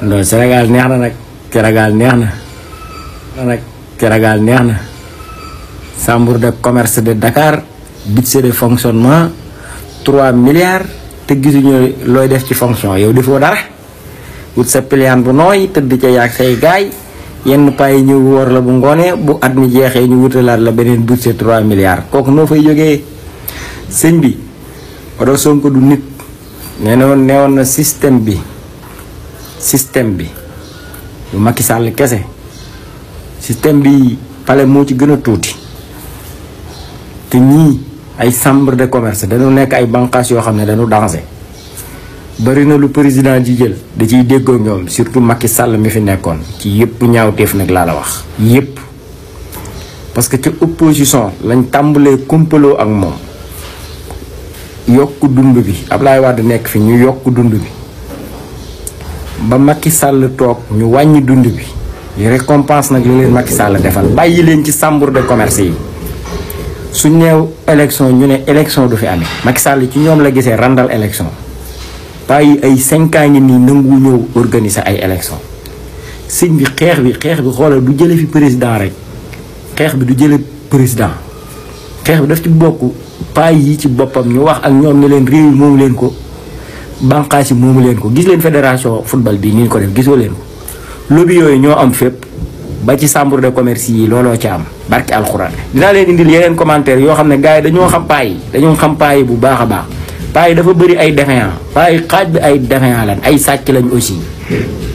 non Sénégal neex na nag Sénégal neex na nag Sénégal neex na chambre de commerce de Dakar budget de fonctionnement trois milliards te gisuñu looy def ci fonction yow defoo dara wut sa pliant bu nooy tëdd ca yaag say gaay yenn paa yi ñëw war la bu ngoonee bu at mi jeexee ñu wutalaat la beneen budget trois milliards kooku noo fay jógee sëñ bi odo Sonko du nit nee na woon nee woon na système bi système bi lu Macky Sall kese système bi pale moo ci gën a tuuti te ñii ay chambre de commerce dañu nekk ay bànqaas yoo xam ne dañu dansé bari na lu président ji jël da ciy déggoo ñoom surtout Macky Sall mi fi nekkoon ci yépp ñaawteef nag laa la wax yépp parce que ci opposition lañ tàmbalee kumpaloo ak moom yokk dund bi ab Ablaye Wade nekk fi ñu yokk dund bi ba Macky Sall toog ñu wàññi dund bi récompense nag li leen Macky Sall defal bàyyi leen ci chambre de commerce yi su ñëw élection ñu ne élection du fi amee Macky Sall ci ñoom la gisee randal élection bàyyi ay cinq ngi nii nangu ñëw organiser ay élection sëñ bi xeex bi xeex bi xoolal du jële fi président rek xeex bi du jële président xeex bi daf ci bokk paay yi ci boppam ñu wax ak ñoom ne leen réew yi moom leen ko bànqaas yi moomu leen ko gis leen fédération football bi ni ko def gisoo leen ko yooyu ñoo am fépp ba ci chambre de commerce yi looloo ci am barki alxuraan dinaa leen indil yeneen commentaire yoo xam ne gars yi dañoo xam paa dañoo xam paa bu baax a baax paa dafa bari ay défaillant paa xaaj bi ay défaillant lan ay sàcc lañ aussi